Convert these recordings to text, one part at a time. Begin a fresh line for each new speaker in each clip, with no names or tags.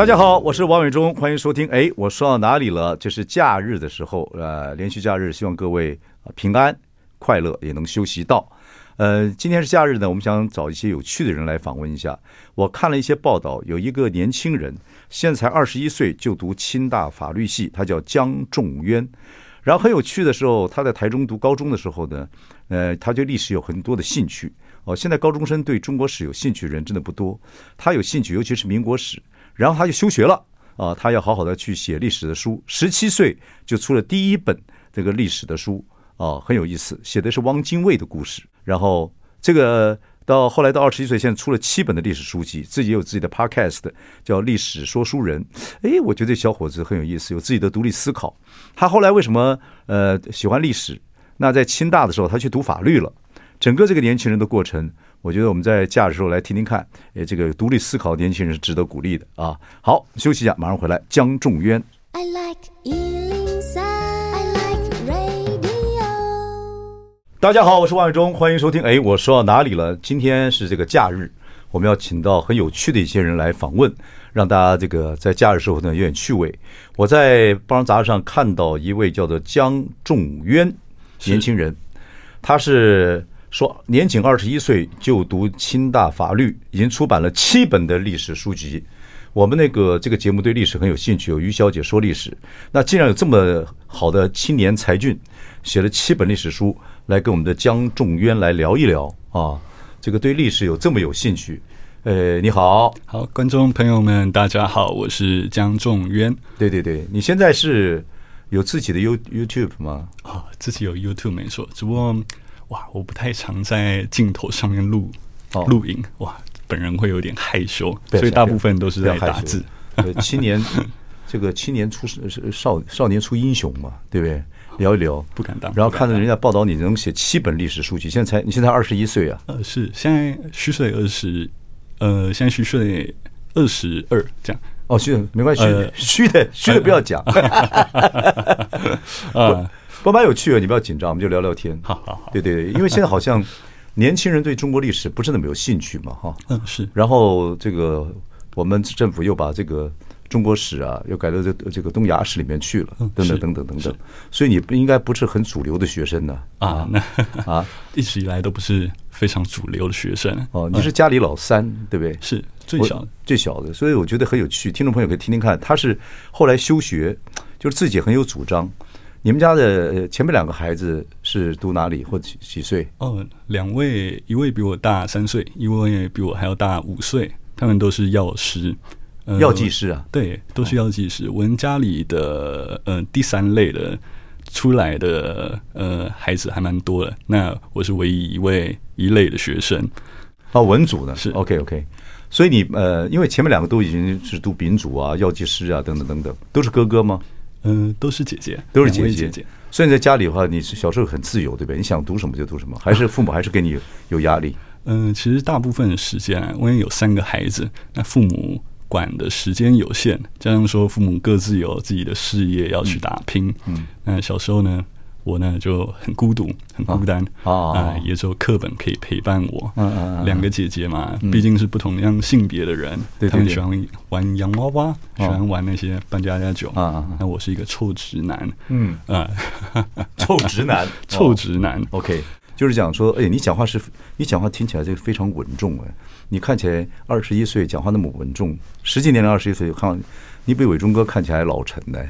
大家好，我是王偉忠，歡迎收聽。哎，我說到哪裡了？就是假日的時候，呃，連續假日，希望各位平安快樂，也能休息到。呃，今天是假日呢，我們想找一些有趣的人來訪問一下。我看了一些報道，有一個年輕人，現在才二十一歲，就讀清大法律系，他叫江仲淵。然後很有趣的時候，他在台中讀高中的時候呢，呃，他對歷史有很多的興趣。哦，現在高中生對中國史有興趣的人真的不多，他有興趣，尤其是民國史。然後他就休學了啊、呃，他要好好的去寫歷史的書。十七歲就出了第一本這個歷史的書啊、呃，很有意思，寫的是汪精衛的故事。然後這個到後來到二十一歲，現在出了七本的歷史書籍，自己有自己的 podcast 叫《歷史說書人》。哎，我覺得這小夥子很有意思，有自己的獨立思考。他後來為什麼呃喜歡歷史？那在清大的時候，他去讀法律了。整個這個年輕人的過程。我覺得我們在假日時候來聽聽看，誒，這個獨立思考的年輕人是值得鼓勵的啊！好，休息一下，馬上回來。江仲淵。I like，I like radio，大家好，我是王偉忠，歡迎收聽。誒、哎，我說到哪裡了？今天是這個假日，我們要請到很有趣的一些人來訪問，讓大家這個在假日時候呢有點趣味。我在報章雜誌上看到一位叫做江仲淵年輕人，是他是。說年僅二十一歲，就讀清大法律，已經出版了七本的歷史書籍。我們那個這個節目對歷史很有興趣，有於小姐說歷史。那既然有這麼好的青年才俊，寫了七本歷史書，來跟我們的江仲淵來聊一聊啊。這個對歷史有這麼有興趣，呃、哎，你好，好，觀眾朋友們，大家好，我是江仲淵。
對對對，你現在是有自己的 You YouTube 嗎？啊、哦，自己有 YouTube 沒錯，只不過。哇，我不太常在鏡頭上面錄錄、哦、影，哇，本人會有點害羞，哦、所以大部分都是在打字、哦。青 年，這個青年出、呃、少少年出英雄嘛，
對不對？聊一聊，不敢當。然後看着人家報道，你能寫七本歷史書籍，現在才你現在二十一歲啊？呃，
是，現在虛歲二十，呃，現在虛歲二十二，這樣。哦，虛的沒關係，呃、虛的虛的，虛的不要講。呃、啊。啊啊啊
包蠻有趣的，你不要緊張，我們就聊聊天。好好好，對對，因為現在好像年輕人對中國歷史不是那麼有興趣嘛，哈。嗯，是。然後這個我們政府又把這個中國史啊，又改到這這個東亞史裡面去了，等等等等等等。所以你不應該不是很主流的學生呢啊？
那啊，一直以來都不是非常主流的學生。哦，你是家裡老
三，對不對？是，最小最小的。所以我覺得很有趣，聽眾朋友可以聽聽看。他是後來休學，就是自己很有主張。你們家的前面兩個孩子是讀哪裡，或幾幾歲？
哦，兩位，一位比我大三歲，一位比我還要大五歲。他們都是藥師，呃、藥劑師啊，對，都是藥劑師。我們家裡的呃第三類的出來的呃孩子還蠻多的，那我是唯一一位一類的學生。哦，文組的是
OK OK，所以你呃，因為前面兩個都已經是讀丙組啊、藥劑師啊等等等等，
都是哥哥嗎？嗯、呃，都是姐姐，都是姐姐。
所以在家裡的話，你小時候很自由，對不對？你想讀什麼就讀什麼，還是父母還是給你有、有壓力？嗯、
呃，其實大部分時間啊，因為有三個孩子，那父母管的時間有限，加上說父母各自有自己的事業要去打拼，嗯，嗯，那小時候呢？我呢就很孤獨，很孤單啊、呃、啊，也只有課本可以陪伴我。啊呃啊、兩個姐姐嘛、嗯，畢竟是不同樣性別的人，她、嗯、們喜歡玩洋娃娃，嗯、喜歡玩那些扮家家酒啊。那、啊、我是一個臭直男，嗯、呃、男啊，臭直男，臭直
男。OK，就是講說，哎，你講話是，你講話聽起來這個非常穩重哎，你看起來二十一歲，講話那麼穩重，十幾年的二十一歲就看。你被偉忠哥看起來
老成的，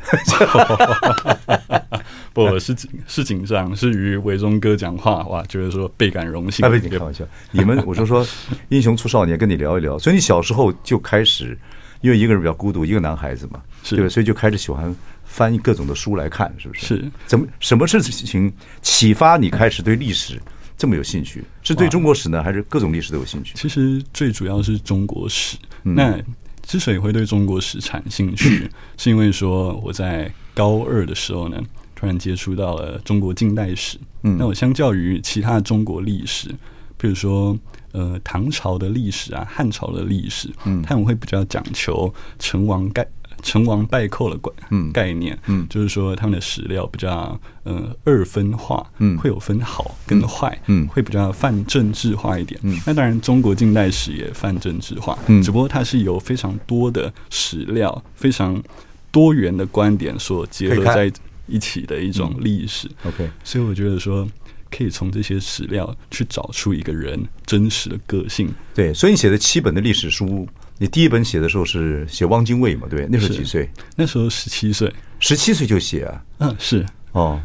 不是是緊張，是與偉忠哥講話哇，就是說倍感榮幸。哎、啊，開玩笑，你們，我就說，英雄出少年，
跟你聊一聊。所以你小時候就開始，因為一個人比較孤獨，一個男孩子嘛，對，所以就開始喜歡翻各種的書來看，是不是？是，怎麼什麼事情啟發你開始對歷史這麼有興趣？是對中國史呢，還是各種歷史都有興趣？其實最主
要是中國史。嗯、那之所以會對中國史產生興趣， 是因為說我在高二的時候呢，突然接觸到了中國近代史。嗯，那我相較於其他中國歷史，比如說呃唐朝的歷史啊、漢朝的歷史，嗯，他們會比較講求成王蓋。成王敗寇的概概念，嗯，嗯，就是說他們的史料比較，嗯、呃，二分化，嗯，會有分好跟壞、嗯，嗯，會比較泛政治化一點。嗯，那當然中國近代史也泛政治化，嗯，只不過它是由非常多的史料、非常多元的觀點所結合在一起的一種歷史。OK，所以我覺得說可以從這些史料去找出一個人真實的個性。對，所以你寫的
七本的歷史書。你第一本寫的時候是寫汪精衛嘛？對，那時候幾歲？那時候十七歲，十七歲就寫啊。嗯，是哦。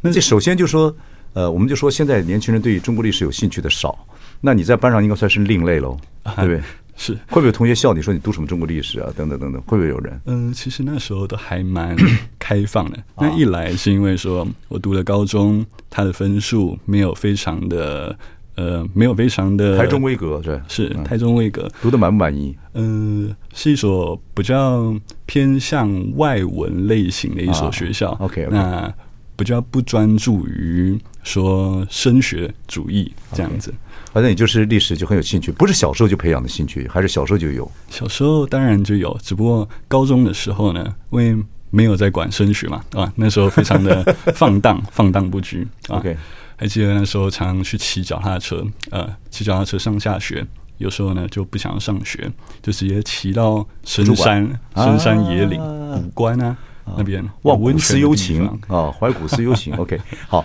那這首先就說，呃，我們就說現在年輕人對於中國歷史有興趣的少，那你在班上應該算是另類嘍、啊，對
不對？是會不會有同學笑你說，你讀什麼中國歷史啊？等等等等，會不會有人？嗯、呃，其實那時候都還蠻開放的。 那一來是因為說我讀了高中，他的分數沒有非常的。呃，沒有非常的台中威格對，是台中威格，威格嗯、讀的滿不滿意？嗯、呃，是一所比較偏向外文類型的一所學校。啊、okay, OK，那比較不專注於說升學主義這樣子。反、okay. 正、啊、你就是歷史就很有興趣，不是小時候就培養的興趣，還是小時候就有。小時候當然就有，只不過高中的時候呢，因為沒有在管升學嘛，啊，那時候非常的放蕩， 放蕩不羈、啊。OK。還記得那時候常常去騎腳踏車，呃，騎腳踏車上下學。有時候呢就不想上學，就直接騎到深山、深山野嶺、啊、古關啊那邊哇，望古思幽情啊，懷、啊、古思幽情。哦、情 OK，
好，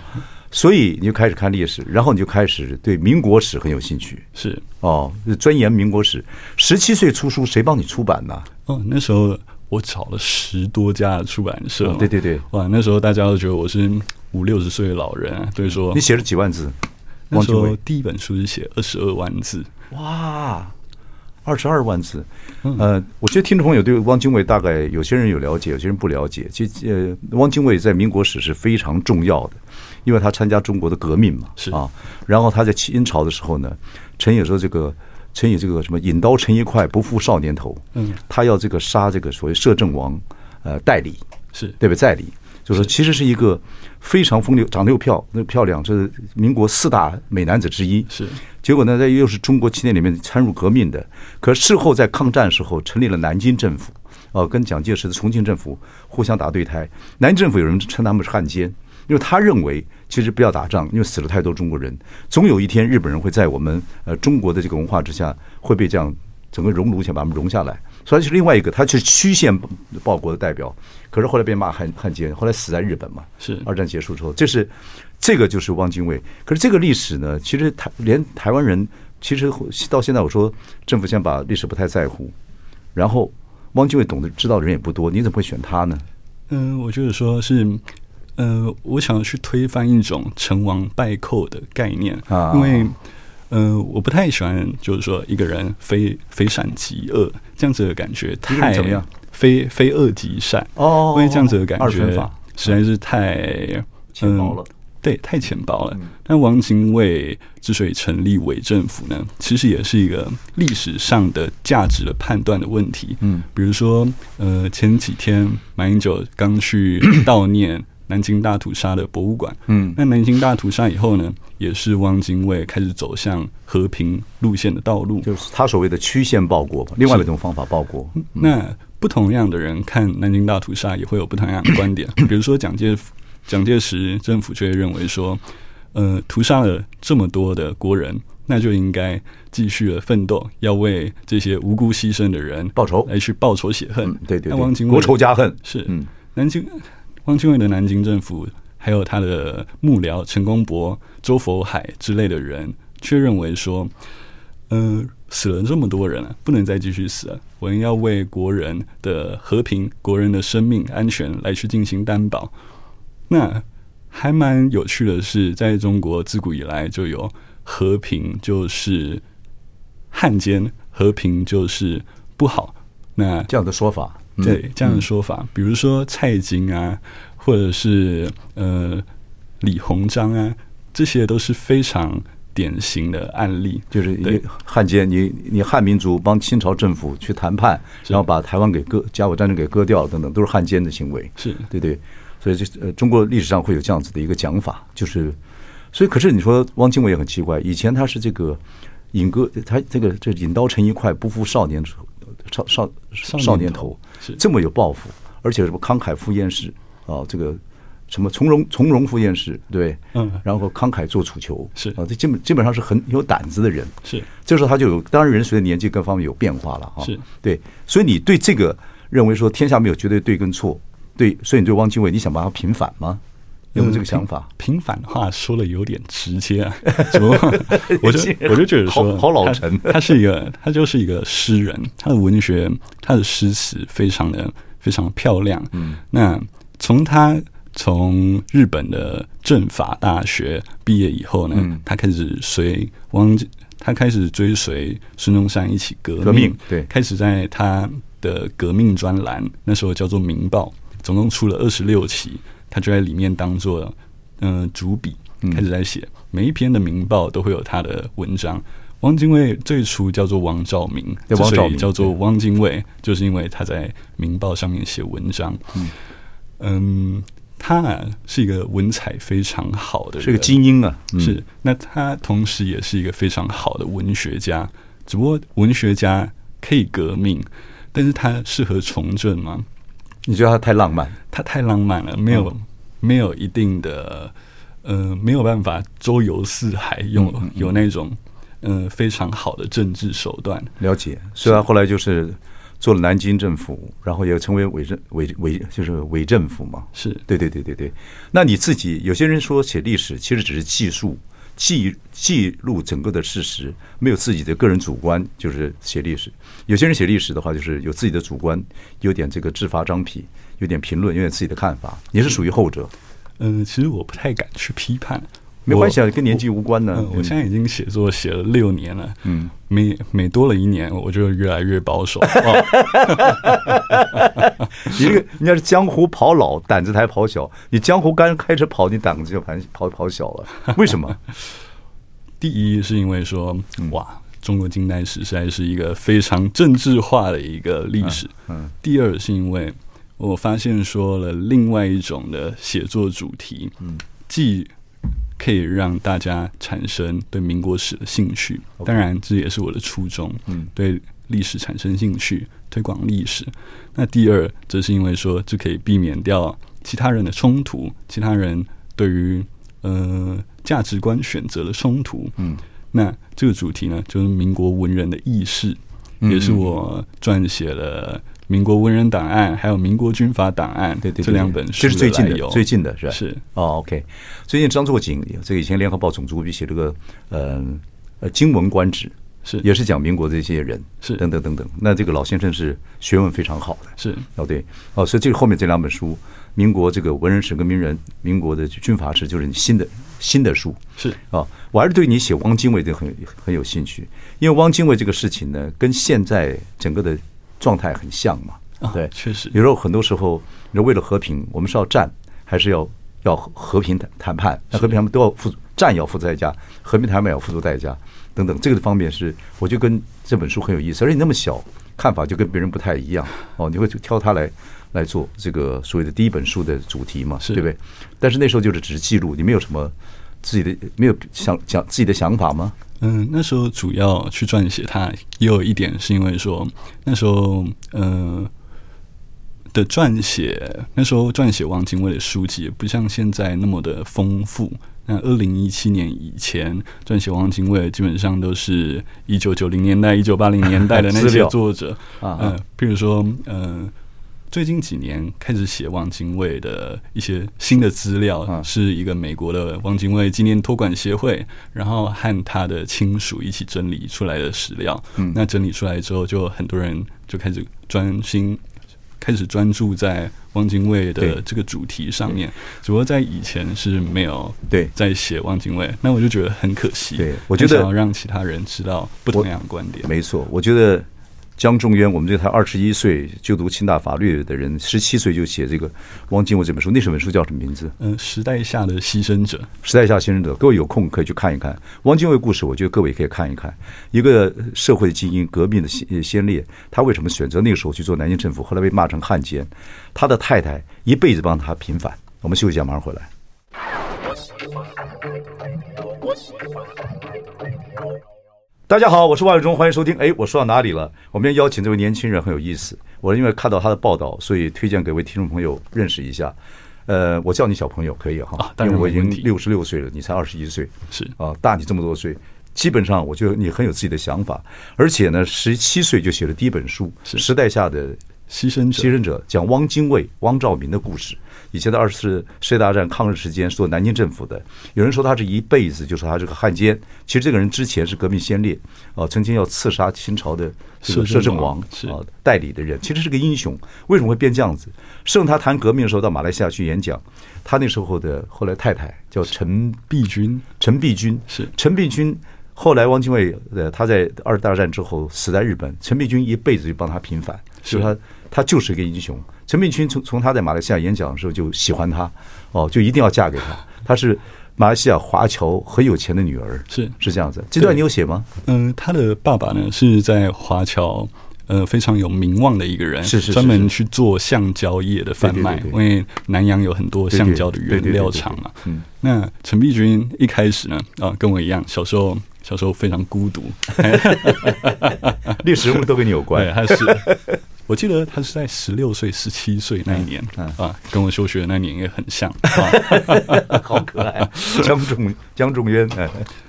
所以你就開始看歷史，然後你就開始對民國史很有興趣。是哦，專研民
國史。十七歲出書，誰幫你出版呢？哦，那時候我找了十多家出版社、哦。對對對，哇，那時候大家都覺得我是。五六十歲的老人，所以說你寫了幾萬字汪精衛？那時候第一本書是寫二十二萬字，
哇，二十二萬字。嗯。呃，我覺得聽眾朋友對汪精衛大概有些人有了解，有些人不了解。其實，汪精衛在民國史是非常重要的，因為他參加中國的革命嘛，是啊。然後他在清朝的時候呢，陳也說這個陳也這個什麼“引刀成一快，不負少年頭”。嗯，他要這個殺這個所謂攝政王，呃，代理是對不對？代理。就是說其實是一個非常風流，長得又漂、又漂亮，這是民國四大美男子之一。是結果呢，在又是中國青年裡面參入革命的。可事後在抗戰時候成立了南京政府，哦，跟蔣介石的重慶政府互相打對台。南京政府有人稱他們是漢奸，因為他認為其實不要打仗，因為死了太多中國人，總有一天日本人會在我們呃中國的這個文化之下會被這樣整個熔爐先把他們熔下來。所以是另外一個，他是曲線報國的代表。可是後來被罵漢漢奸，後來死在日本嘛，是二戰結束之後，這是這個就是汪精衛。可是這個歷史呢，其實台連台灣人其實到現在，我說政府現在把歷史不太在乎，然後汪精衛懂得知道的人也不多，你怎麼會選他呢？嗯，
我就是說是，呃，我想要去推翻一種成王敗寇的概念啊，因為呃，我不太喜歡就是說一個人非非善即惡這樣子的感覺太、嗯，太怎麼樣？非非惡即善哦，哦，哦，哦，因為這樣子的感覺，實在是太、嗯、淺薄了、嗯。對，太淺薄了。那、嗯、汪精衛之所以成立偽政府呢，其實也是一個歷史上的價值的判斷的問題。嗯，比如說，呃，前幾天馬英九剛去悼念南京大屠殺的博物館，嗯，那南京大屠殺以後呢，也是汪精衛開始走向和平路線的道路，就是他所謂的曲線報國吧。另外一種
方法報國，嗯嗯、
那。不同樣的人看南京大屠殺也會有不同樣的觀點。比如說，蔣介石蔣介石政府卻認為說，呃，屠殺了這麼多的國人，那就應該繼續的奮鬥，要為這些無辜犧牲的人報仇，來去報仇雪恨。嗯、對對，對，那汪精衛國仇家恨是嗯，南京汪精衛的南京政府還有他的幕僚陳公博、周佛海之類的人，卻認為說，嗯，死了這麼多人、啊，不能再繼續死了、啊。我們要為國人的和平，國人的生命安全來去進行擔保，那還蠻有趣的是，在中國自古以來就有“和平就是漢奸，和平就是不好”那這樣的說法、嗯。對，這樣的說法，嗯、比如說蔡京啊，或者是呃李鴻章啊，這些都是非常。典型的案例就是漢奸，你你漢
民族幫清朝政府去談判，然後把台灣給割，甲午戰爭給割掉等等，都是漢奸的行為，是對對。所以這呃，中國歷史上會有這樣子的一個講法，就是，所以可是你說汪精衛也很奇怪，以前他是這個引哥，他這個這引刀成一快，不負少年，少，少，少年頭，少少少年頭，是這麼有抱負，而且什麼慷慨赴燕市啊，這個。什麼從容從容赴宴，是，對，嗯，然後慷慨作楚囚，是啊，這基本基本上是很有膽子的人，是。這時候他就有，當然人隨着年紀各方面有變化了，哈，是、啊、對。所以你對這個認為說天下沒有絕對對跟錯，對，所以你對汪精衛，你想把他平反嗎？有
沒有這個想法？
平，平反的話，說的有點直接，怎麼？ 我就我就覺得說 好，好老成， 他是一
個，他就是一個詩人，他的文學，他的詩詞非常的非常漂亮，嗯，那從他。從日本的政法大學畢業以後呢，嗯、他開始隨汪，他開始追隨孫中山一起革命，革命。對，開始在他的革命專欄，那時候叫做《民報》，總共出了二十六期，他就在裡面當做嗯主筆，開始在寫、嗯、每一篇的《民報》都會有他的文章。汪精衛最初叫做汪兆銘，之所以叫做汪精衛，就是因為他在《民報》上面寫文章。嗯。嗯嗯他啊，是一個文采非常好的，是一個精英啊、嗯，是。那他同時也是一個非常好的文學家，只不過文學家可以革命，但是他適合從政嗎？你覺得他太浪漫？他太浪漫了，沒有沒有一定的，嗯、呃，沒有辦法周遊四海用，用、嗯嗯嗯、有那種呃非常好的政治手段。了解。雖然
後來就是。做了南京政府，然後也成為偽政偽偽，偽就是偽政府嘛。是對對對對對。那你自己，有些人說寫歷史，其實只是記述、記記錄整個的事實，沒有自己的個人主觀，就是寫歷史。有些人寫歷史的話，就是有自己的主觀，有點這個治發張皮，有點評論，有點自己的看法。你也是屬於後者？
嗯，其實我不太敢去批判。沒關係啊，跟年紀無關的。我現在已經寫作寫了六年了，嗯，每每多了一年，我就越來越保守。你、 這個，你要是江
湖跑老，膽子才跑小；你江湖剛開始跑，你膽子就反跑跑,跑小了。
為什麼？第一是因為說，哇，中國近代史實在是一個非常政治化的一個歷史。嗯。嗯第二是因為我發現說了另外一種的寫作主題，嗯，既可以讓大家產生對民國史的興趣，當然這也是我的初衷。嗯，對歷史產生興趣，推廣歷史。那第二，則是因為說，就可以避免掉其他人的衝突，其他人對於呃價值觀選擇的衝突。嗯，那這個主題呢，就是民國文人的軼事，也是我撰寫了。民國文人檔案，還有民國軍閥檔案，對對，對，這兩本書，是最近的，最近的是吧？是哦、oh,，OK。最近張作錦這個以前《
聯合報》總主筆寫這個，呃，呃，《經文觀止》是也是講民國這些人，是等等等等。那這個老先生是學問非常好的，是哦、oh, 對哦，oh, 所以這個後面這兩本書，民國這個文人史跟名人、民國的軍閥史，就是你新的新的書、oh, 是啊。Oh, 我還是對你寫汪精衛的很很有興趣，因為汪精衛這個事情呢，跟現在整個的。狀態很像嘛，對，確實。有時候很多時候，你說為了和平，我們是要戰，還是要要和平談判？那和平談判都要付戰要付出代價，和平談判也要付出代價，等等。這個方面是，我就跟這本書很有意思。而且你那麼小，看法就跟別人不太一樣。哦，你會就挑它來來做這個所謂的第一本書的主題嘛？對不對？但是那時候就是只是記錄，你沒有什麼。自己的沒有想想自己的想法嗎？嗯，
那時候主要去撰寫它，也有一點是因為說那時候，嗯、呃、的撰寫那時候撰寫汪精衛的書籍，不像現在那麼的豐富。那二零一七年以前撰寫汪精衛，基本上都是一九九零年代、一九八零年代的那些作者 啊，嗯、呃，譬如說嗯。呃最近幾年開始寫汪精衛的一些新的資料，是一個美國的汪精衛紀念託管協會，然後和他的親屬一起整理出來的史料。那整理出來之後，就很多人就開始專心，開始專注在汪精衛的這個主題上面。只不過在以前是沒有對在寫汪精衛，那我就覺得很可惜。對，我就想要讓其他人知道不同樣的觀點，
沒錯，我覺得。江仲淵，我們這才二十一歲就讀清大法律的人，十七歲就寫這個《汪精衛》這本書，那什麼本書叫什麼名字？
嗯，《時代下的犧牲者》。
《時代下的犧牲者》，各位有空可以去看一看《汪精衛》故事，我覺得各位也可以看一看一個社會精英、革命的先先烈，他為什麼選擇那個時候去做南京政府，後來被罵成漢奸？他的太太一輩子幫他平反。我們休息一下，馬上回來。大家好，我是萬永忠，歡迎收聽。哎，我說到哪裡了？我們要邀請這位年輕人很有意思。我是因為看到他的報道，所以推薦給各位聽眾朋友認識一下。呃，我叫你小朋友可以哈，但是我已經六十六歲了，你才二十一歲，是啊，大你這麼多歲。基本上，我覺得你很有自己的想法，而且呢，十七歲就寫了第一本書，《時代下的》。犧牲者，犧牲者講汪精衛、汪兆銘的故事。以前的二次世界大戰抗日時間是做南京政府的。有人說他是一輩子就說他是他這個漢奸。其實這個人之前是革命先烈，啊、呃，曾經要刺殺清朝的攝攝政王啊、呃、代理的人，其實是個英雄。為什麼會變這樣子？剩他談革命的時候到馬來西亞去演講。他那時候的後來太太叫陳璧君，陳璧君是陳璧君。後來汪精衛呃他在二十大戰之後死在日本。陳璧君一輩子就幫他平反，是他。他就是一個英雄。陳碧君從從他在馬來西亞演講的時候就喜歡他，哦，就一定要嫁給他。他是馬來西亞華僑
很有錢的女兒，是是這樣子。這段你有寫嗎？嗯、呃，他的爸爸呢是在華僑，呃，非常有名望的一個人，是是，是，是，是專門去做橡膠業的販賣，對對對對，因為南洋有很多橡膠的原料廠嘛，對對對對對、嗯。那陳碧君一開始呢，啊，跟我一樣，小時候小時候非常孤獨，歷史物都跟你有關 對，他是。 我記得他是在十六歲、十七歲那一年啊，跟我休學的那年也很像，啊嗯，嗯啊，呵呵呵好可愛，啊江。江仲江仲淵，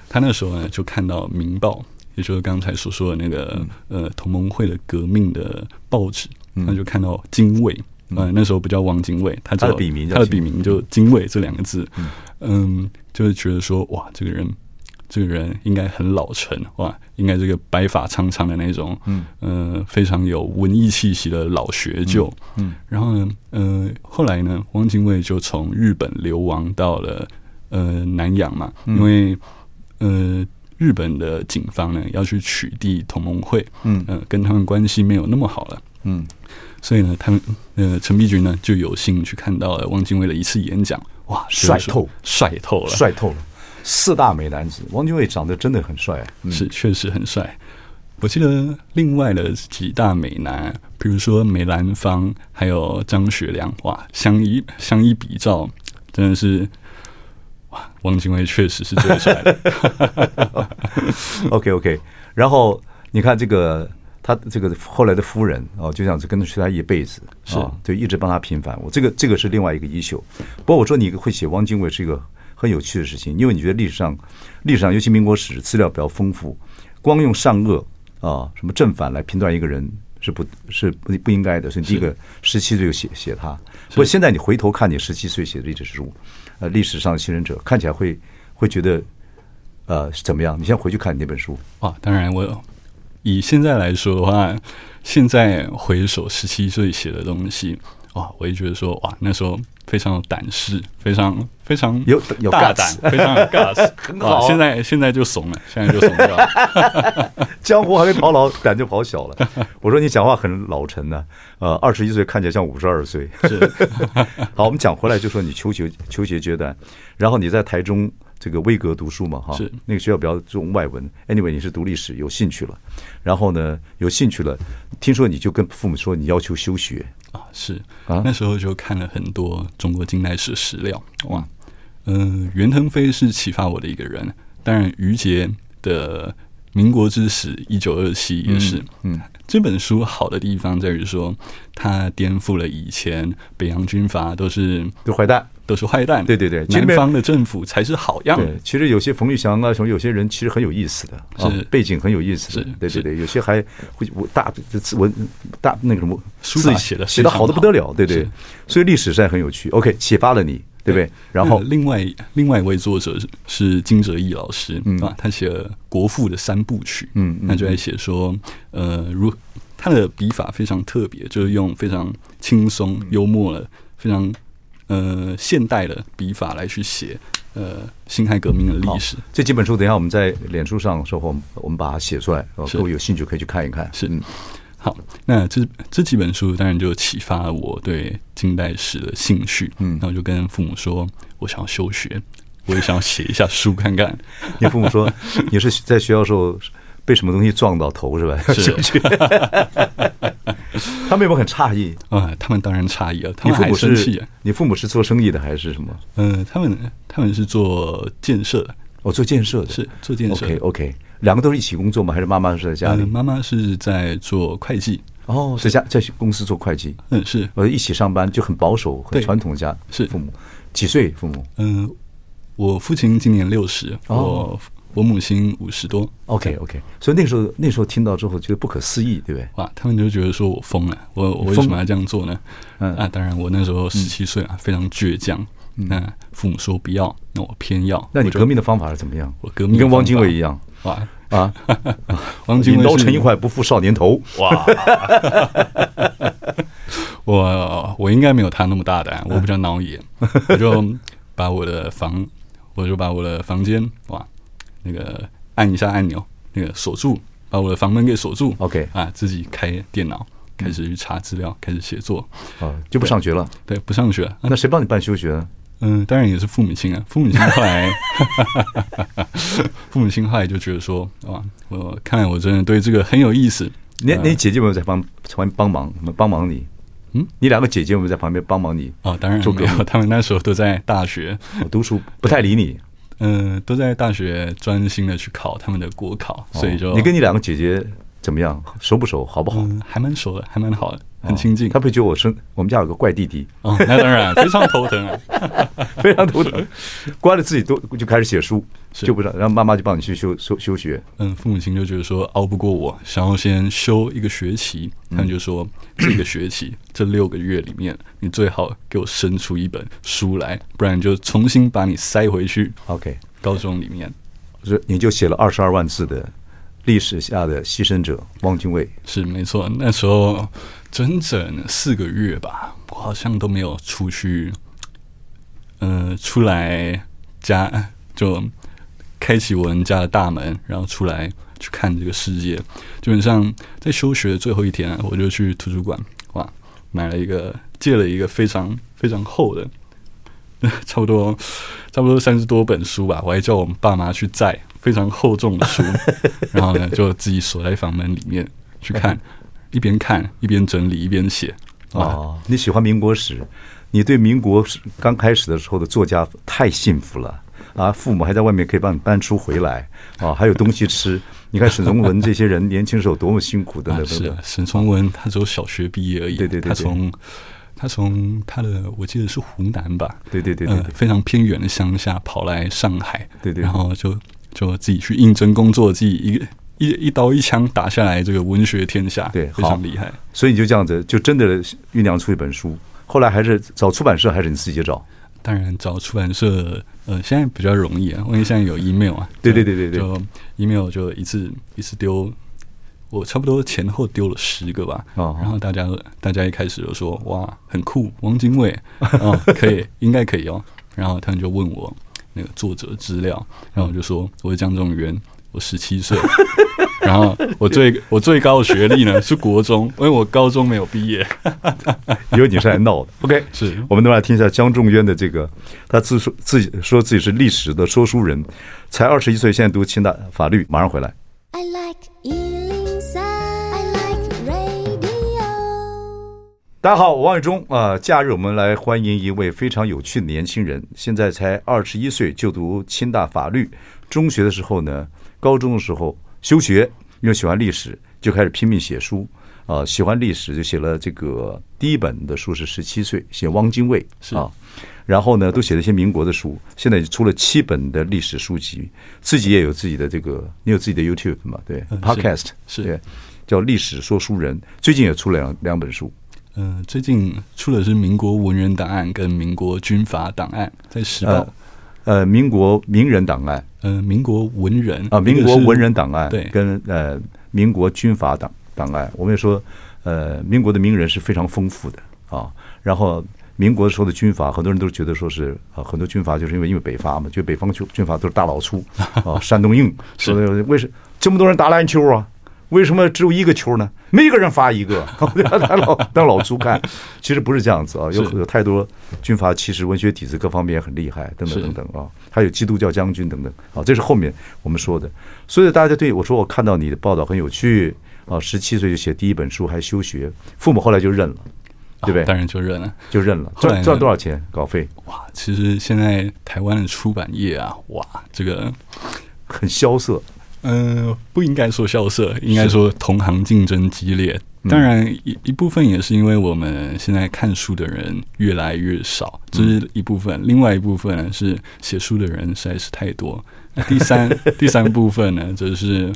他那時候呢就看到《民報》，也就是剛才所說的那個呃同盟會的革命的報紙，他就看到“精衛”，啊，那時候不叫汪精衛，他叫的筆名，他的筆名就“精、嗯、衛”這兩個字，嗯，就是覺得說，哇，這個人。這個人應該很老成哇，應該這個白髮蒼蒼的那種，嗯，呃、非常有文藝氣息的老學究、嗯。嗯，然後呢，嗯、呃，後來呢，汪精衛就從日本流亡到了呃南洋嘛，嗯、因為呃日本的警方呢要去取締同盟會，嗯、呃，跟他們關係沒有那麼好了，嗯，所以呢，他們呃陳璧君呢就有幸去看到了汪精衛的一次演講，哇，帥透，帥透了，帥透了。四大美男子，汪精衛長得真的很帥，啊嗯，是確實很帥。我記得另外的幾大美男，比如說梅蘭芳，還有張學良，哇，相依相依比照，真的是哇，汪精衛確實是最帥的。 OK OK，然後你看這個
他這個後來的夫人哦，就這樣子跟着他一輩子，是、哦、就一直幫他平反。我這個這個是另外一個衣袖。不過我說你會寫汪精衛是一個。很有趣的事情，因為你覺得歷史上，歷史上尤其民國史資料比較豐富，光用善惡啊、呃，什麼正反來評斷一個人是不，是不應該的。所以你第一個十七歲就寫寫他，所以現在你回頭看你十七歲寫的歷史書，呃，歷史上的犧牲者看起來會會覺得，呃，怎麼樣？你先回去看你那本書
啊。當然我，我以現在來說的話，現在回首十七歲寫的東西。哇！我也覺得說，哇，那時候非常有膽識，非常非常有有大膽，gas, 非常有 guts 很好，現在現在就慫了，現在就慫掉了。 江湖還沒跑老， 膽就跑
小了。我說你講話很老成呢、啊，呃，二十一歲看起來像五十二歲。是 好，我們講回來就說你求學求學階段，然後你在台中這個威格讀書嘛，哈，是那個學校比較重外文。Anyway，你是讀歷史有興趣了，然後呢，有興趣了，聽說你就跟父母說你要求休學。是，那時
候就看了很多中國近代史史料哇，嗯、啊呃，袁騰飛是啟發我的一個人，當然余杰的《民國之死1927》一九二七也是嗯，嗯，這本書好的地方在於說，他顛覆了以前北洋軍閥都是個壞蛋。都是壞蛋，對對對，南方的政府才是好樣的。其實有些
馮玉祥啊，什麼有些人其實很有意思的，啊，是背景很有意思，的對對對，有些還會我大我大那個什麼字寫的寫的好的不得了，對對，所以歷史是很有趣。OK，啟發了你，對不對，對？然後
另外另外一位作者是金哲毅老師啊，他寫了《國父》的三部曲，嗯，他就在寫說，呃，如他的筆法非常特別，就是用非常輕鬆幽默的，非常。呃，現代的筆法來去寫，呃，辛亥革命的歷史。
這幾本書，等一下我們在臉書上的時候，我們把它寫出來，如果有興趣可以去看一看。是，嗯、
好，那這這幾本書當然就啟發了我對近代史的興趣。嗯，然後就跟父母說，我想要休學，我也想寫一下書看看。你 父母說， 你是在學校的時候。被什麼東西撞到頭是吧？ 他
們
有沒有很詫異啊、嗯？他們當然詫異了，他們你父母是生
氣、啊，你父母是做生意的還是什麼？嗯、
呃，他們他們是做建設的。哦，
做建設的是做建設。OK OK，兩個都是一起工作嗎？還是媽媽是在家裡？
媽、呃、媽是在
做會計，哦，在家在公司做會計。嗯，是。呃，一起上班就很保守、很傳統家是父母。幾歲父母？嗯、呃，我父親今年六十、哦，我。
我母親五十多，OK OK，所以那時候那時候聽到之後覺得不可思議，對不對？哇，他們就覺得說我瘋了，我我為什麼要這樣做呢？嗯啊，當然我那時候十七歲啊，非常倔強。那，父母說不要，那我偏要。那你革命的方法是怎麼樣？我革命，你跟汪精衛一樣，哇啊，汪精衛，引刀成一快，
不負少年頭。哇，
我我應該沒有他那麼大膽，我比較孬一點， 我就把我的房，我就把我的房間哇。那個按一下按鈕，那個鎖住，把我的房門給鎖住。OK 啊，自己開電腦，開始去查資料，開始寫作，啊，就不上學了。對，對不上學，啊，那誰幫你辦休學？啊？嗯，當然也是父母親啊，父母親後來， 父母親後來就覺得說啊，我看來我真的對這個很有意思。你，呃、你姐
姐有沒有在幫，還幫忙，幫忙你？嗯，你兩個姐姐有沒有在旁邊幫忙你啊，
哦？當然，就沒有，他們那時候都在大學我讀書，不太理你。嗯，都在大學專心的去考他們的國考，所以說，哦，你跟
你兩個姐姐。怎麼樣？熟不熟？好不好？嗯、還蠻熟的，還蠻好的，嗯、很親近。他不覺得我生我們家有個怪弟弟，哦、那當然非常頭疼啊，非常頭疼。乖了， 非常頭疼自己都就開始寫書是，就不讓，然後媽媽就幫你去休休休學。
嗯，父母親就覺得說熬不過我，想要先休一個學期。他、嗯、們就說這個學期這六個月裡面，你最好給我生出一本書來，不然就重新把你塞回去。OK，高中裡面，
就、okay、你就寫了二十二萬字的。歷史下的犧牲者汪精衛是
沒錯。那時候整整四個月吧，我好像都沒有出去，呃，出來家就開啟我們家的大門，然後出來去看這個世界。基本上在休學的最後一天，啊，我就去圖書館哇，買了一個借了一個非常非常厚的，差不多差不多三十多本書吧。我還叫我們爸媽去載，非常厚重的書， 然後呢，就自己鎖在房門裡面去看，一邊看一邊整理一邊寫。哦、嗯，你喜歡民國史，你對
民國剛開始的時候的作家太幸福了啊！父母還在外面可以幫你搬書回來啊，還有東西吃。你看沈從文這些人 年輕時候多麼辛苦的， 是的，
沈從文他只有小學畢業而已。對對對,對,對他，他從他從他的我記得是湖南吧？對對對,對,對、呃，非常偏遠的鄉下跑來上海。對對,對，然後就。就自己去應徵工作，自己一個一一刀一槍打下來，這個文學天
下，對，非常厲害。所以你就這樣子，就真的醞釀出一本書。後來還是找出版社，還是你自己找？
當然找出版社，呃，現在比較容易啊。因為現在有 email 啊。 對對對對對，對，就 email 就一次一次丟，我差不多前後丟了十個吧。Uh-huh. 然後大家大家一開始就說哇，很酷，汪精衛啊，呃、 可以應該可以哦。然後他們就問我。那個作者資料，然後我就說我是江仲淵，我十七歲， 然後我最我最高的學歷呢是國中，因為我高中沒有畢業。 因為你是來鬧的，OK？是我們都
來聽一下江仲淵的這個，他自說自己說自己是歷史的說書人，才二十一歲，現在讀清大法律，馬上回來。I like 大家好，我王偉忠啊。假日我們來歡迎一位非常有趣的年輕人，現在才二十一歲，就讀清大法律。中學的時候呢，高中的時候休學，因為喜歡歷史，就開始拼命寫書啊、呃。喜歡歷史就寫了這個第一本的書是十七歲寫汪精衛是啊，然後呢都寫了一些民國的書，現在出了七本的歷史書籍，自己也有自己的這個，你有自己的 YouTube 嘛？對，Podcast、嗯、是，是對叫歷史說書人，最近也出了兩兩本書。
嗯，最近出的是民國文人檔案跟民國軍閥檔案，在《時
報》。呃。呃，民國名人檔案，
呃，民國文人啊、呃，民國文人檔案，呃，對，
跟呃，民國軍閥檔檔案。我們也說，呃，民國的名人是非常豐富的啊。然後，民國時候的軍閥，很多人都覺得說是啊，很多軍閥就是因為因為北伐嘛，就北方軍軍閥都是大老粗啊，山東硬， 所以為什麼這麼多人打籃球啊？為什麼只有一個球呢？每一個人發一個， 當老當老朱看。其實不是這樣子 啊，有有太多軍閥，其實文學底子各方面也很厲害，等等等等啊，還有基督教將軍等等啊，這是後面我們說的。所以大家對我說，我看到你的報道很有趣啊，十七歲就寫第一本書，還休學，父母後來就認了，對不對？啊、當然
就認了，
就認了。賺賺多少錢稿費？
哇，其實現在台灣的出版業啊，哇，這個很蕭瑟。嗯、呃，不應該說蕭瑟，應該說同行競爭激烈。當然，一一部分也是因為我們現在看書的人越來越少，這、嗯就是一部分；，另外一部分呢是寫書的人實在是太多。那第三， 第三部分呢，就是，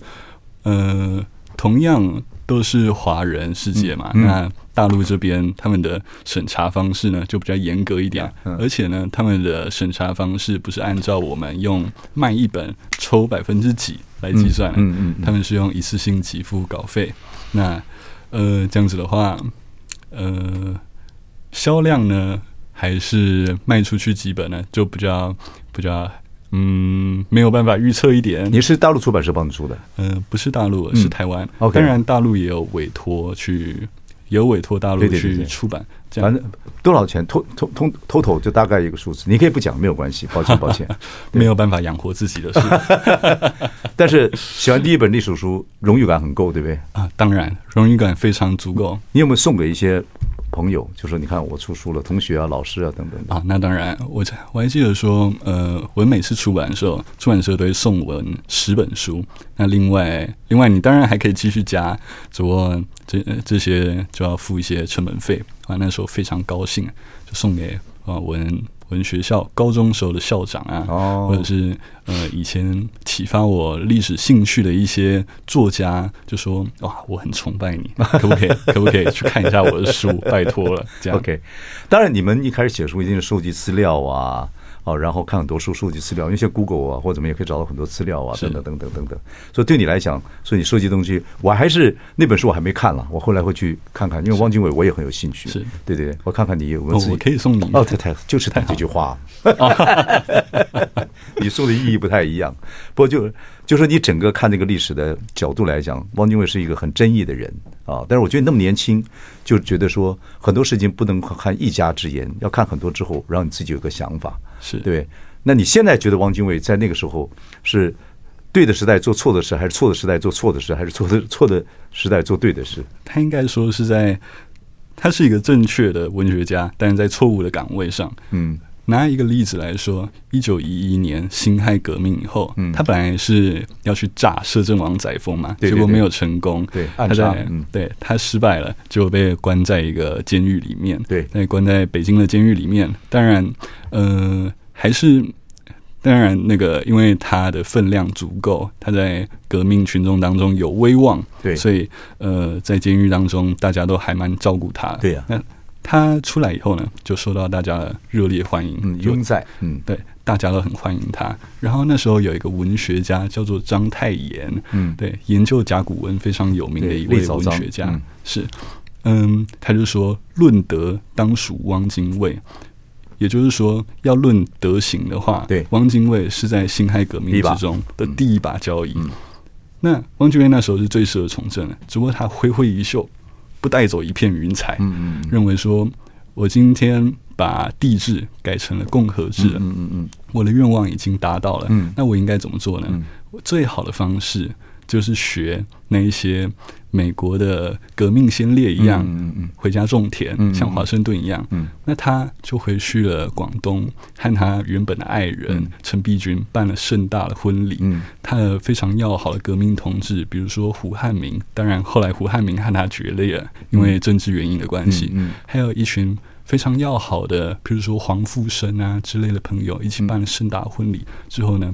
呃，同樣都是華人世界嘛，嗯、那大陸這邊他們的審查方式呢就比較嚴格一點、嗯，而且呢，他們的審查方式不是按照我們用賣一本抽百分之幾。來計算，嗯嗯嗯，他們是用一次性給付稿費。那呃，這樣子的話，呃，銷量呢還是賣出去幾本呢，就比較比較，嗯，沒有辦法預測一點。你是大陸出版社幫你出的？嗯、呃，不是大陸，是台灣。嗯 okay，當然，大陸也有委託去，有委託大陸去出版。對對對對對。反正多少錢偷偷偷偷偷，
偷偷偷偷偷就大概一個數字，你可以不講沒有關係，抱歉 抱歉， 沒有辦法養活自己的事 但是寫完第一本歷史書，榮譽感很夠，對不對啊？當然，榮譽感非常足夠。你有沒有送給一些？朋友就說：“你看我出書了，同學啊、老師啊等
等。”啊，那當然，我我還記得說，呃，我每次出版社，出版社都會送我十本書。那另外，另外你當然還可以繼續加，只不過這、呃、這些就要付一些成本費。啊，那時候非常高興，就送給啊文。文學校高中時候的校長啊，oh. 或者是呃以前啟發我歷史興趣的一些作家，就說哇，我很崇拜你， 可不可以可不可以去看一下我的書？ 拜托了這樣。OK，當然你們一開始寫書
一定是收集資料啊。哦，然後看很多書，收集資料，因為像 Google 啊，或者怎麼也可以找到很多資料啊，等等等等等等。所以對你來講，所以你收集東西，我還是那本書我還沒看了，我後來會去看看。因為汪精衛我也很有興趣，對對對，我看看你有沒有，我可以送你。老、哦，太太就是談這句話， 你送的意義不太一樣，不過就。 就是你整個看這個歷史的角度來講，汪精衛是一個很爭議的人啊。但是我覺得你那麼年輕，就覺得說很多事情不能看一家之言，要看很多之後，讓你自己有個想法。是對。那你現在覺得汪精衛在那個時候是對的時代做錯的事，還是錯的時代做錯的事，還是錯的錯的時代做對的事？
他應該說是在，他是一個正確的文學家，但是在錯誤的崗位上。嗯。拿一個例子來說，一九一一年辛亥革命以後，嗯，他本來是要去炸攝政王載灃嘛。對對對，結果沒有成功，對對，對，他，在暗殺，對、嗯、他失敗了，就被關在一個監獄裡面，對，被關在北京的監獄裡面。當然，呃，還是當然那個，因為他的分量足夠，他在革命群眾當中有威望，對，所以呃，在監獄當中大家都還蠻照顧他，對呀、啊。那他出來以後呢，就受到大家的熱烈歡迎，有人在，對，大家都很歡迎他。然後那時候有一個文學家叫做章太炎，嗯，對，研究甲骨文非常有名的一位文學家，是，嗯，他就說，論德當屬汪精衛，也就是說要論德行的話，對，汪精衛是在辛亥革命之中的第一把交椅，那汪精衛那時候是最適合從政的，只不過他揮揮衣袖。不帶走一片雲彩，嗯嗯認為說我今天把帝制改成了共和制，嗯嗯嗯，嗯，我的願望已經達到了，嗯，嗯，那我應該怎麼做呢？嗯嗯我最好的方式就是學那一些。美國的革命先烈一樣，回家種田，嗯嗯嗯、像華盛頓一樣、嗯嗯。那他就回去了廣東，和他原本的愛人陳璧君辦了盛大的婚禮、嗯。他的非常要好的革命同志，嗯、比如說胡漢民，當然後來胡漢民和他決裂了，因為政治原因的關係、嗯嗯嗯。還有一群非常要好的，比如說黃復生啊之類的朋友，一起辦了盛大的婚禮、嗯。之後呢，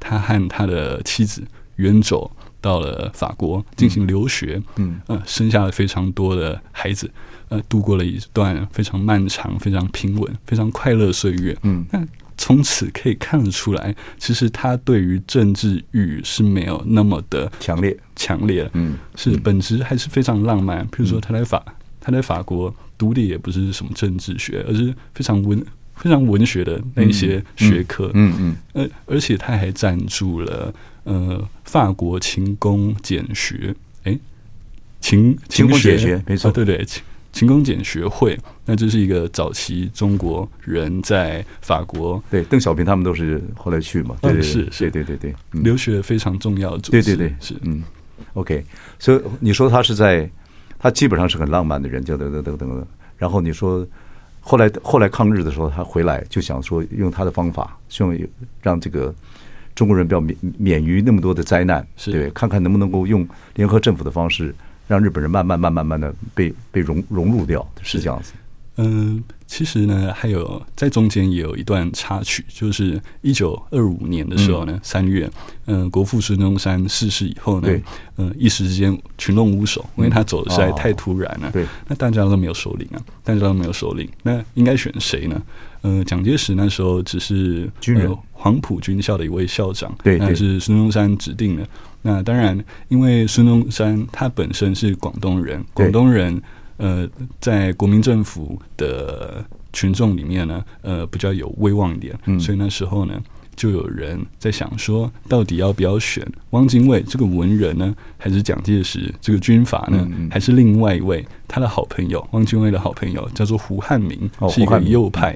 他和他的妻子遠走。到了法國進行留學嗯，嗯，呃，生下了非常多的孩子，呃，度過了一段非常漫長、非常平穩、非常快樂歲月，嗯。那從此可以看得出來，其實他對於政治欲是沒有那麼的強烈，強烈，嗯，是本質還是非常浪漫。譬如說，他在法、嗯，他在法國讀的也不是什麼政治學，而是非常文、非常文學的那些學科，嗯嗯，嗯，嗯。呃，而且他還贊助了。呃，法國勤工儉學，哎，勤勤，勤工儉學，沒錯，哦、對對，勤勤工儉學會，那這是一個早期中國人在法國。對，
鄧小平他們都是後來去嘛，對、對、對、嗯、是、是，對對對對，嗯、留學非常重要，對對對，是、嗯，嗯，OK。所以你說他是在，他基本上是很浪漫的人，就等等等等。然後你說後來，後來抗日的時候他回來就想說用他的方法，用讓這個。中國人不要免免於那麼多的災難，對是，看看能不能夠用聯合政府的方式，讓日本人慢慢、慢、慢、慢慢的被被融融入掉，是這樣子。是是是。
嗯、呃，其實呢，還有在中間也有一段插曲，就是一九二五年的時候呢，嗯、三月，嗯、呃，國父孫中山逝世以後呢，嗯、呃，一時之間群龍無首，因為他走的實在太突然了，啊嗯哦，對，那大家都沒有首領啊，大家都沒有首領，那應該選誰呢？嗯、呃，蔣介石那時候只是軍人，呃、黃埔軍校的一位校長，對，對，對，那是孫中山指定的。那當然，因為孫中山他本身是廣東人，廣東人。呃，在國民政府的群眾裡面呢，呃，比較有威望一點，所以那時候呢，就有人在想說，到底要不要選汪精衛這個文人呢，還是蔣介石這個軍閥呢，還是另外一位他的好朋友汪精衛的好朋友叫做胡漢民，是一個右派，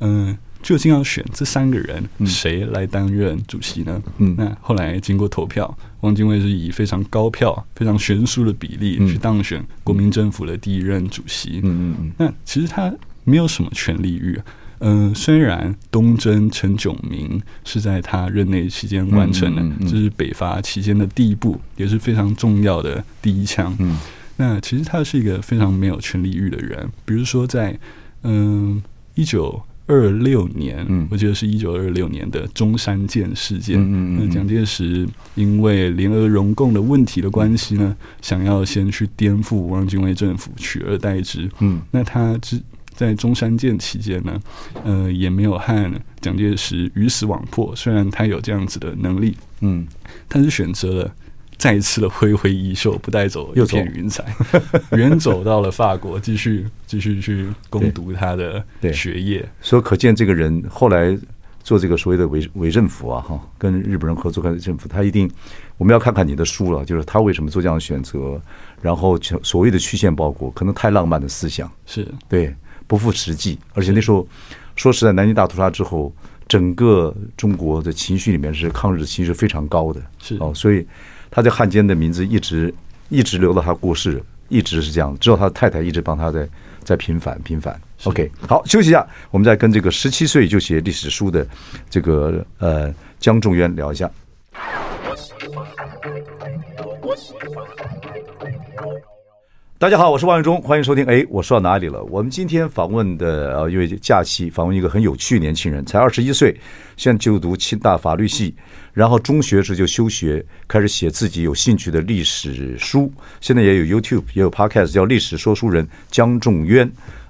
嗯。究竟要選這三個人誰來擔任主席呢、嗯？那後來經過投票，汪精衛是以非常高票、非常懸殊的比例去當選國民政府的第一任主席。嗯嗯，那其實他沒有什麼權力欲。嗯、呃，雖然東征陳炯明是在他任內期間完成的，這、嗯嗯嗯，就是北伐期間的第一步、嗯，也是非常重要的第一槍、嗯。那其實他是一個非常沒有權力欲的人。比如說在嗯一九。呃 19... 二六年，嗯，我覺得是一九二六年的中山艦事件。嗯，那蔣介石因為聯俄容共的問題的關係呢，想要先去顛覆汪精衛政府，取而代之。嗯，那他之在中山艦期間呢，呃，也沒有和蔣介石魚死網破，雖然他有這樣子的能力，嗯，但是選擇了。再一次的揮揮衣袖，不帶走一片雲彩，遠走到了法國，繼續繼續去攻讀他的學業
所以，可見這個人後來做這個所謂的偽偽政府啊，哈，跟日本人合作的政府，他一定我們要看看你的書了，啊，就是他為什麼做這樣的選擇？然後所謂的曲線救國可能太浪漫的思想是對，不負實際。而且那時候說實在，南京大屠殺之後，整個中國的情緒裡面是抗日情緒非常高的，是哦，所以。他這漢奸的名字一直一直留到他過世，一直是這樣。只有他的太太一直幫他，在在平反平反。OK，好，休息一下，我們再跟這個十七歲就寫歷史書的這個呃江仲淵聊一下。大家好，我是王玉中，歡迎收聽。哎，我說到哪裡了？我們今天訪問的啊、呃，因為假期訪問一個很有趣年輕人，才二十一歲，現在就讀清大法律系。然後中學時就休學，開始寫自己有興趣的歷史書。現在也有 YouTube，也有 Podcast，叫歷史說書人江仲淵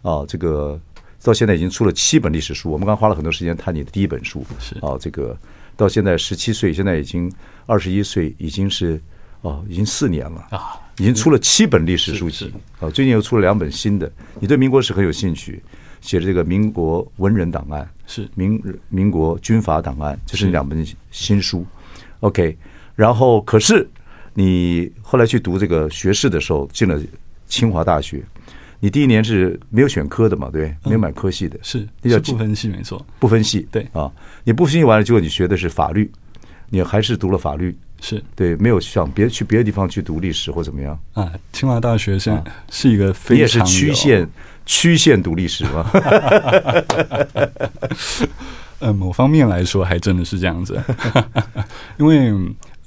啊、呃。這個到現在已經出了七本歷史書。我們剛花了很多時間看你的第一本書，是、呃、啊，這個到現在十七歲，現在已經二十一歲，已經是。哦，已經四年了啊，已經出了七本歷史書籍啊、哦，最近又出了兩本新的。你對民國史很有興趣，寫了這個《民國文人檔案》是《民民國軍閥檔案》就，這是兩本新書。OK，然後可是你後來去讀這個學士的時候，進了清華大學，你第一年是沒有選科的嘛？對，對、嗯，沒有買科系的，是那叫不分系，沒錯，不分系。對啊，你不分系完了，結果你學的是法律。你還是讀了法律。是對，沒有想別去別的地方去讀歷史或怎麼樣
啊？清華大學現在，是一個非常，啊、也是曲線曲線讀歷史吧？呃、 嗯，某方面來說還真的是這樣子， 因為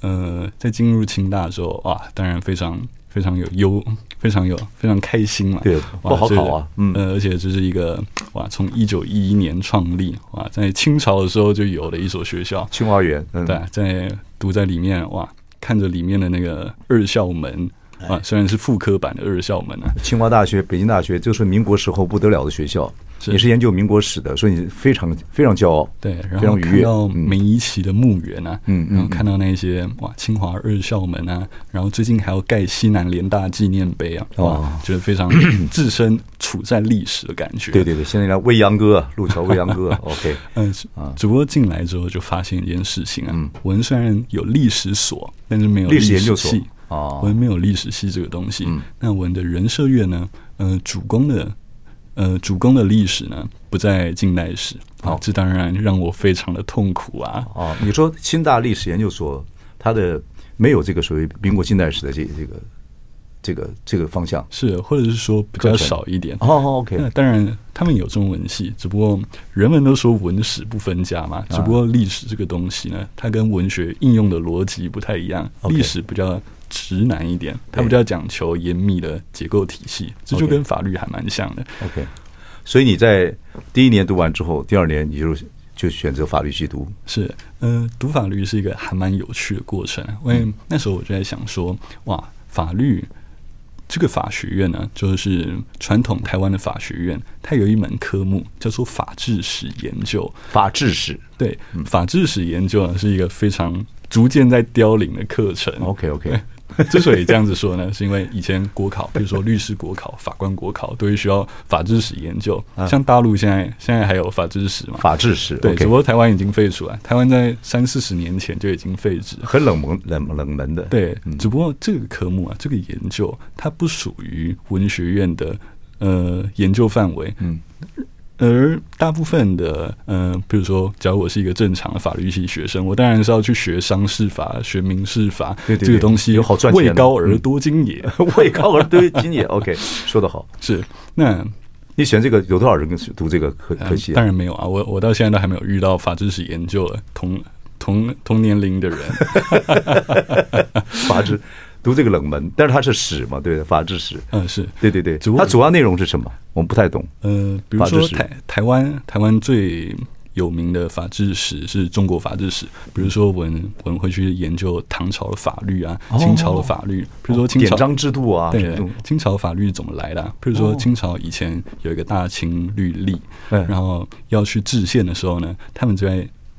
呃，在進入清大的時候啊，當然非常非常有優。非常有，非常開心嘛。對，哇不好考啊。就是、嗯、呃，而且這是一個哇，從一九一一年創立哇，在清朝的時候就有了一所學校——清華園、嗯。對，在讀在裡面哇，看着裡面的那個二校門啊，雖然是複刻版的
二校門、啊、清華大學、北京大學，就是民國時候不得了的學校。你是研究民國史的，所以你非常非常驕傲，對，然後看到
梅貽琦的墓園啊、嗯，然後看到那些、嗯、哇清華二校門啊，然後最近還要蓋西南聯大紀念碑啊、哦，哇，就是非常置身處在歷史的感覺。哦、對對對，現在叫未央歌，路橋未央歌 ，OK，、呃、嗯，主播進來之後就發現一件事情啊，文、嗯、雖然有歷史所，但是沒有歷史系文、哦、沒有歷史系這個東西。那、嗯、文的人社院呢，嗯、呃，主攻的。呃，主攻的歷史呢不在近代史，好、啊，這當然讓我非常的痛苦啊！哦、你說清大歷史研究所
它的沒有這個屬於民國近代史的這這個這個這個方
向，是或者是說比較少一點？哦、oh, OK，那當然他們有中文系，只不過人們都說文史不分家嘛，只不過歷史這個東西呢，它跟文學應用的邏輯不太一樣，Okay. 歷史比較。直男一點，他比較講求嚴密的結構體系，這就跟法律還蠻像的。OK，所以你在第一年讀
完之後，第二年你就就選擇法律去讀。
是，呃，讀法律是一個還蠻有趣的過程。因為那時候我就在想說，哇，法律這個法學院呢，就是傳統台灣的法學院，它有一門科目叫做法制史研究。法制史，對、嗯，法制史研究呢是一個非常逐漸在凋零的課程。OK，OK。 之所以這樣子說呢，是因為以前國考，比如說律師國考、法官國考，都是需要法制史研究。像大陸現在現在還有法制史嘛？法制史對，只不過台灣已經廢除了。台灣在三四十年前就已經廢止，很冷門、冷門、冷門的。對，只不過這個科目啊，這個研究它不屬於文學院的呃研究範圍。嗯。而大部分的，嗯、呃，比如說，假如我是一個正常的法律系學生，我當然是要去學商事法、學民事法，對對對，這個東西，有好賺錢。位高而多金也，位、嗯、高而多金也。
OK，說得好，
是，那，你喜歡這個有多少人跟讀這個科科系？當然沒有啊，我我到現在都還沒有遇到法制史研究了同同同年齡的人，哈哈哈，法制。讀這個冷門，但是它是史嘛，對法制史，
嗯、呃，是對對對。它主要內容是什麼？我們不太懂。嗯、
呃，比如說台台灣台灣最有名的法制史是中國法制史。比如說，我們、嗯、我們會去研究唐朝的法律啊，哦、清朝的法律。比如說清朝、哦、典章制度啊，嗯、對清朝法律怎麼來的、啊？比如說清朝以前有一個大清律例、哦，然後要去制憲的時候呢，他們就。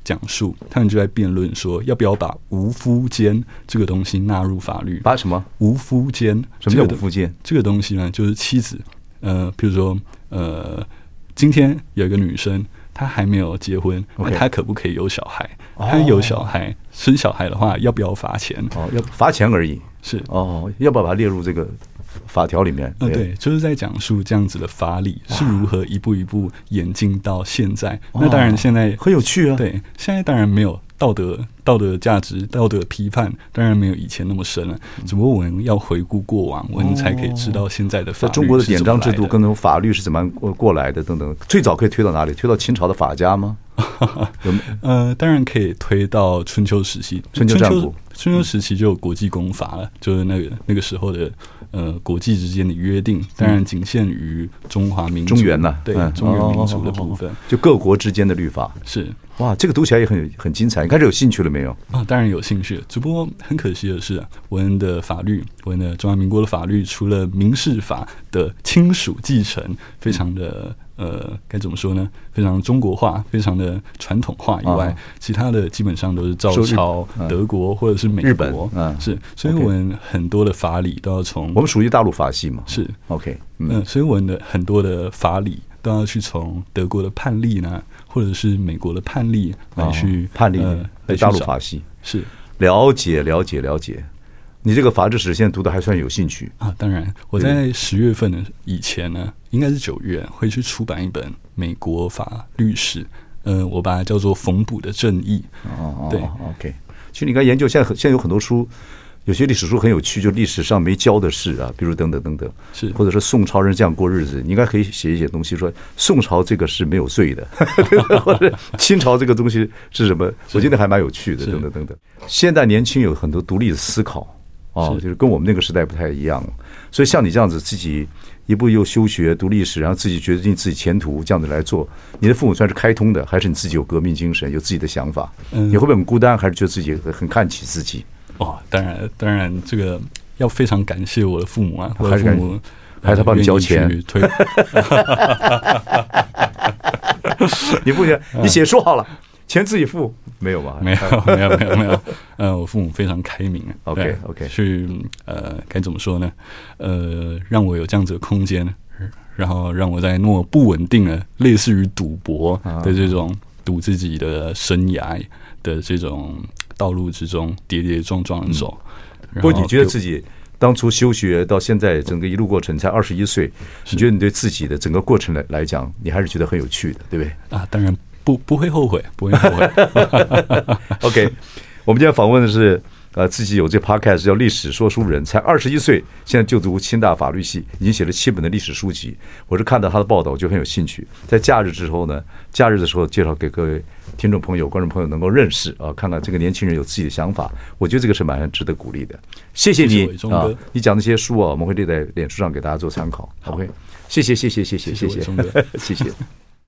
講述，他們就在辯論說，要不要把無夫姦這個東西納入法律？把什麼？無夫姦，什麼叫無夫姦、這個。這個東西呢，就是妻子，呃，比如說，呃，今天有一個女生，她還沒有結婚，okay. 她可不可以有小孩？她有小孩，oh. 生小孩的話，要不要罰錢？哦、oh,，要罰錢而已，是哦，oh, 要不要把它列入這個？法條裡面，嗯，對，就是在講述這樣子的法理是如何一步一步演進到現在。那當然，現在很有趣啊。對，現在當然沒有道德道德價值道德批判，當然沒有以前那麼深了。只不過我們要回顧過往，我們才可以知道現在的法。哦哦、中國的典章制度
跟那種法律是怎麼過過來的等等。最早可以推到哪裡？推到清朝的法家嗎、嗯？
有沒有？呃，當然可以推到春秋時期。春秋戰國，春秋時期就有國際公法了，就是那個那個時候的。呃，國際之間的約定，當然僅限於中華民族，中原呢、啊，對、哦，中原民族的部分，就各國之間的律法是。哇，這個讀起來也很很精彩，開始有興趣了沒有？啊，當然有興趣，只不過很可惜的是，我們的法律，我們的中華民國的法律，除了民事法的親屬繼承，非常的。呃，該怎麼說呢？非常中國化，非常的傳統化以外、啊，其他的基本上都是照抄、嗯、德國或者是美國日本。嗯，是，所以我們很多的法理都要從我們屬於大陸法系嘛。是，OK，嗯、呃，所以我們的很多的法理都要去從德國的判例呢，或者是美國的判例來去、哦、判例。哎、呃，來去大陸法
系是，了解，了解，了解。你這個法制史現在讀的還算有興趣啊？當然，我在
十月份的以前呢，應該是九月會去出版一本美國法律史。嗯、呃，我把它叫做縫補的正義。哦、啊、對，OK。
其實你看，研究現在很現在有很多書，有些歷史書很有趣，就歷史上沒教的事啊，比如等等等等，是，或者說宋朝人這樣過日子，你應該可以寫一寫東西說，說宋朝這個是沒有罪的， 或者清朝這個東西是什麼是，我覺得還蠻有趣的，等等等等。現在年輕有很多獨立的思考。哦，就是跟我們那個時代不太一樣，所以像你這樣子自己一步又休學讀歷史，然後自己決定自己前途這樣子來做，你的父母算是開通的，還是你自己有革命精神，有自己的想法？你會不會很孤單，還是覺得自己很看起
自己？嗯、哦，當然，當然，這個要非常感謝我的父母啊，母還是我，呃，還還他幫你交錢，你， 你不行，你寫書好了。嗯錢自己付沒有吧？沒有，沒有，沒有，沒有。呃，我父母非常開明、啊。 OK，OK，、okay, okay. 是，呃，該怎麼說呢？呃，讓我有這樣子的空間，然後讓我在那麼不穩定的、類似於賭博的這種賭自己的生涯的這種道路之中跌跌撞撞的走。嗯、不過你覺得自己當初休學到現在整個一路過
程才二十一歲，你覺得你對自己的整個過程來來講，你還是覺得很有趣的，對不對？啊，當然。不，不會後悔，不會後悔。 OK，我們今天訪問的是，呃，自己有這 Podcast 叫《歷史說書人》，才二十一歲，現在就讀清大法律系，已經寫了七本的歷史書籍。我是看到他的報道就很有興趣，在假日之後呢，假日的時候介紹給各位聽眾朋友、觀眾朋友能夠認識啊，看看這個年輕人有自己的想法，我覺得這個是蠻值得鼓勵的。謝謝你謝謝啊，你講那些書啊，我們會列在臉書上給大家做參考，好不？謝謝，謝謝，謝謝，謝謝， 謝謝。